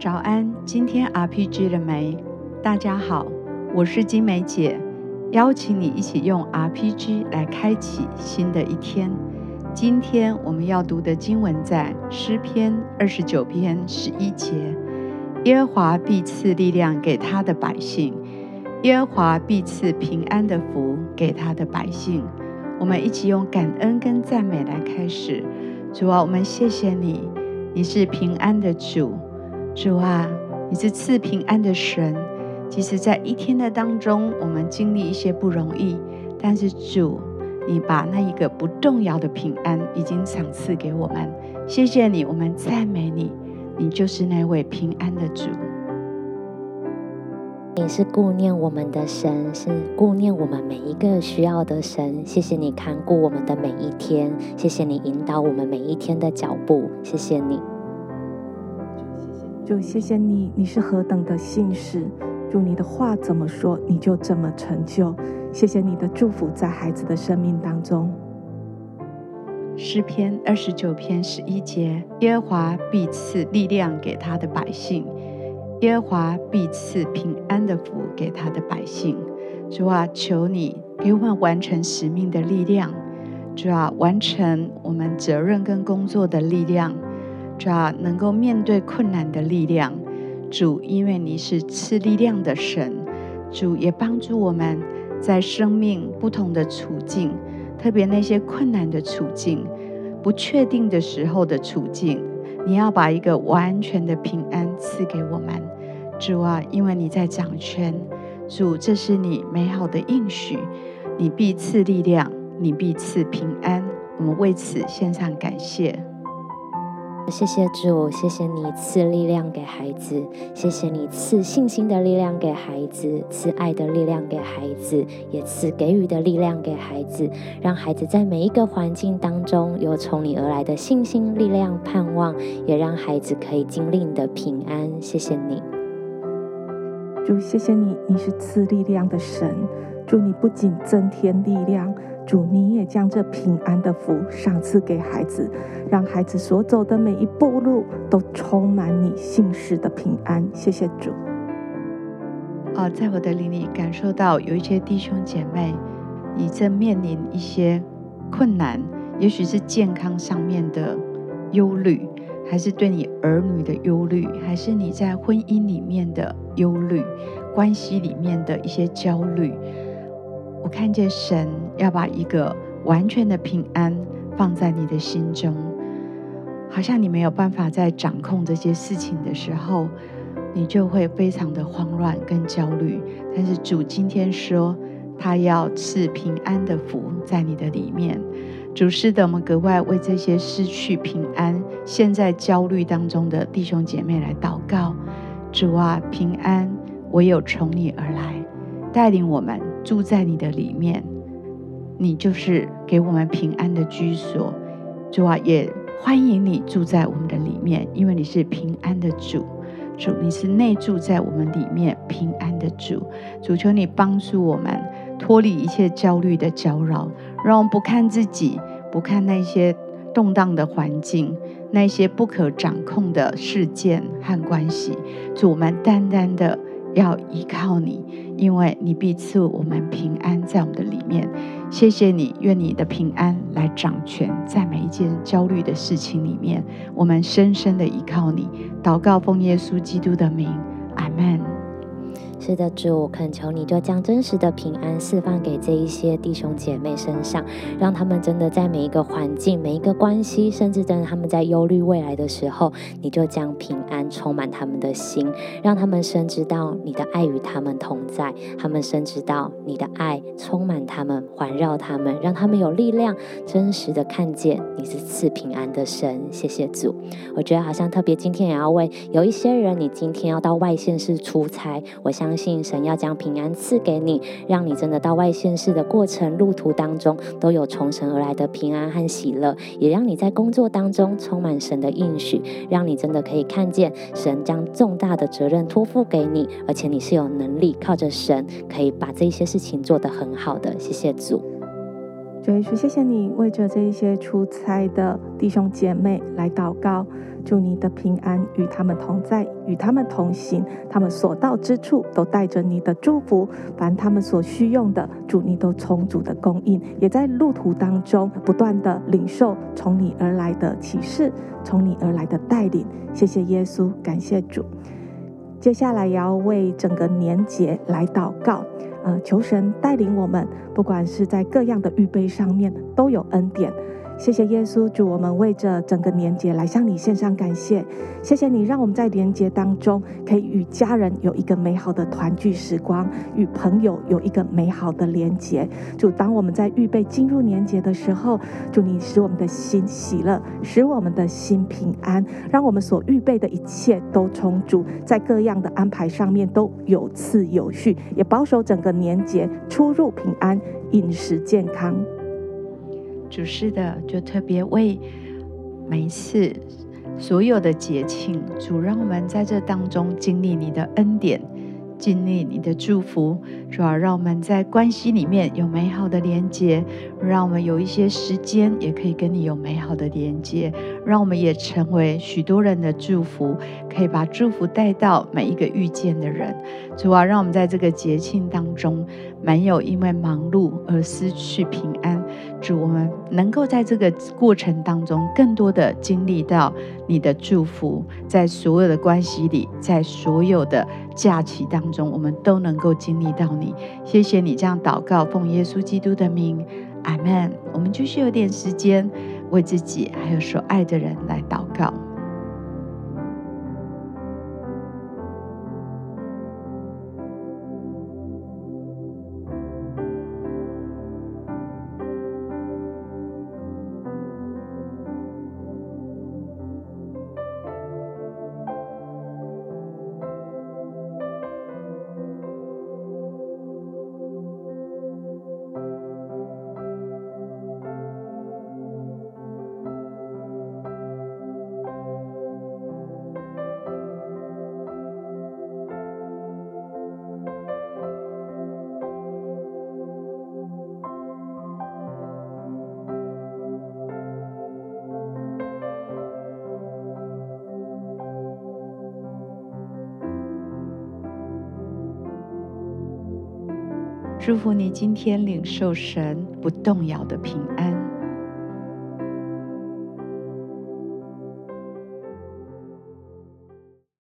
早安，今天 RPG 了沒？大家好，我是晶玫姊，邀請你一起用 RPG 來開啟新的一天。今天我們要讀的經文在詩篇二十九篇十一節：耶和華必賜力量給他的百姓，耶和華必賜平安的福給他的百姓。我們一起用感恩跟讚美來開始，主啊，我們謝謝你，你是平安的主。主啊，你是賜平安的神。其實在一天的當中，我們經歷一些不容易，但是主，你把那一個不動搖的平安已經賞賜給我們。謝謝你，我們讚美你。你就是那位平安的主，你是顧念我們的神，是顧念我們每一個需要的神。謝謝你看顧我們的每一天，謝謝你引導我們每一天的腳步，謝謝你。主，謝謝你，你是何等的信實。祝你的話怎麼說，你就怎麼成就。謝謝你的祝福，在孩子的生命當中，《詩篇》二十九篇十一節：耶和華必賜力量給他的百姓，耶和華必賜平安的福給他的百姓。主啊，求你給我們完成使命的力量，主啊，完成我們責任跟工作的力量。主啊，能夠面對困難的力量，主，因為你是賜力量的神，主也幫助我們在生命不同的處境，特別那些困難的處境、不確定的時候的處境，你要把一個完全的平安賜給我們。主啊，因為你在掌權，主，這是你美好的應許，你必賜力量，你必賜平安。我們為此獻上感謝。謝謝主，謝謝你賜力量給孩子，謝謝你賜信心的力量給孩子，賜愛的力量給孩子，也賜給予的力量給孩子，讓孩子在每一個環境當中有從你而來的信心力量盼望，也讓孩子可以經歷你的平安。謝謝你，主，謝謝你，你是賜力量的神。祝你不僅增添力量。主，你也將這平安的福賞賜給孩子，讓孩子所走的每一步路都充滿你信實的平安。謝謝主。哦，在我的靈裡感受到有一些弟兄姐妹，你正面臨一些困難，也許是健康上面的憂慮，還是對你兒女的憂慮，還是你在婚姻裡面的憂慮，關係裡面的一些焦慮。我看見神要把一個完全的平安放在你的心中，好像你沒有辦法在掌控這些事情的時候，你就會非常的慌亂跟焦慮。但是主今天說，他要賜平安的福在你的裡面。主是的，我們格外為這些失去平安、陷在焦慮當中的弟兄姐妹來禱告。主啊，平安唯有從你而來，帶領我們。住在你的裡面，你就是給我們平安的居所。主啊，也歡迎你住在我們的裡面，因為你是平安的主。主，你是內住在我們裡面平安的主。主，求你幫助我們脫離一切焦慮的攪擾，讓我們不看自己，不看那些動盪的環境，那些不可掌控的事件和關係。祝我們單單的。要依靠你，因為你必賜我們平安在我們的裡面。謝謝你，願你的平安來掌權在每一件焦慮的事情裡面。我們深深的依靠你，禱告奉耶穌基督的名，阿門。是的，主，懇求你，就將真實的平安釋放給這一些弟兄姐妹身上，讓他們真的在每一個環境、每一個關係，甚至真的他們在憂慮未來的時候，你就將平安充滿他們的心，讓他們深知道你的愛與他們同在，他們深知道你的愛充滿他們，環繞他們，讓他們有力量，真實的看見你是賜平安的神。謝謝主，我覺得好像特別今天也要為有一些人，你今天要到外縣市出差，我想。相信神要將平安賜給你，讓你真的到外縣市的過程路途當中，都有從神而來的平安和喜樂，也讓你在工作當中充滿神的應許，讓你真的可以看見神將重大的責任托付給你，而且你是有能力靠着神可以把這些事情做得很好的。謝謝主。就說謝謝你為着這一些出差的弟兄姐妹來禱告，祝你的平安與他們同在，與他們同行，他們所到之處都帶着你的祝福，凡他們所需用的，主你都充足的供應，也在路途當中不斷地領受從你而來的啟示，從你而來的帶領。謝謝耶穌，感謝主。接下來也要為整個年節來禱告，呃，求神帶領我們，不管是在各樣的預備上面，都有恩典。謝謝耶穌，主，我們為着整個年節來向你獻上感謝。謝謝你，讓我們在年節當中可以與家人有一個美好的團聚時光，與朋友有一個美好的聯結。主，當我們在預備進入年節的時候，主你使我們的心喜樂，使我們的心平安，讓我們所預備的一切都充足，在各樣的安排上面都有次有序，也保守整個年節出入平安，飲食健康。主是的，就特別為每一次所有的節慶，主讓我們在這當中經歷你的恩典，經歷你的祝福。主啊，讓我們在關係裡面有美好的連接，讓我們有一些時間也可以跟你有美好的連接，讓我們也成為許多人的祝福，可以把祝福帶到每一個遇見的人。主啊，讓我們在這個節慶當中，沒有因為忙碌而失去平安。祝我們能夠在這個過程當中，更多的經歷到你的祝福，在所有的關係裡，在所有的假期當中，我們都能夠經歷到你。謝謝你這樣禱告，奉耶穌基督的名，阿門。我們就是有點時間，為自己還有所愛的人來禱告。祝福你今天領受神不動搖的平安。